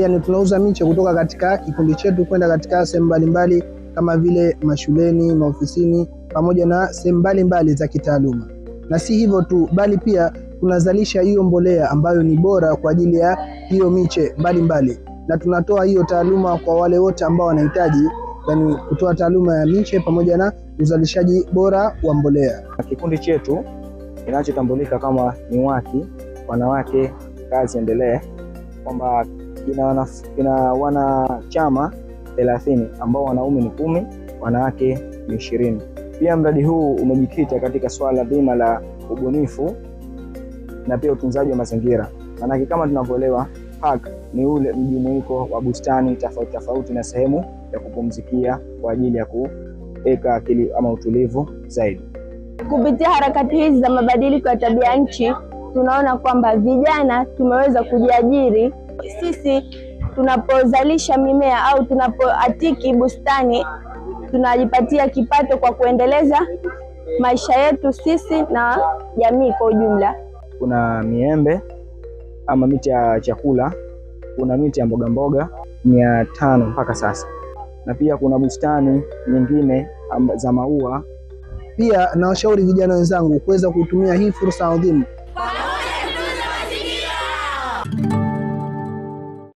yani tunauza miche kutoka katika kikundi chetu kwenda katika sehemu mbalimbali kama vile mashuleni, maofisini pamoja na sehemu mbalimbali za kitaaluma. Na si hivyo tu, bali pia tunazalisha hiyo mbolea ambayo ni bora kwa ajili ya hiyo miche mbalimbali, na tunatoa hiyo taaluma kwa wale wote ambao wanahitaji yani kutoa taaluma ya miche pamoja na uzalishaji bora wa mbolea. Kikundi chetu kinachotambulika kama NIWAKI, wanawake kazi endelee, kwamba kina, wana, kina wanachama thelathini ambao wanaume ni kumi, wanawake ni ishirini. Pia mradi huu umejikita katika swala dhima la ubunifu na pia utunzaji wa mazingira, maanake kama tunavyoelewa park ni ule mjumuiko wa bustani tofauti tofauti na sehemu ya kupumzikia kwa ajili ya kuweka akili ama utulivu zaidi. Kupitia harakati hizi za mabadiliko ya tabia nchi, tunaona kwamba vijana tumeweza kujiajiri sisi tunapozalisha mimea au tunapoatiki bustani tunajipatia kipato kwa kuendeleza maisha yetu sisi na jamii kwa ujumla. Kuna miembe ama miti ya chakula, kuna miti ya mbogamboga mia tano mpaka sasa, na pia kuna bustani nyingine za maua. Pia nawashauri vijana wenzangu kuweza kutumia hii fursa adhimu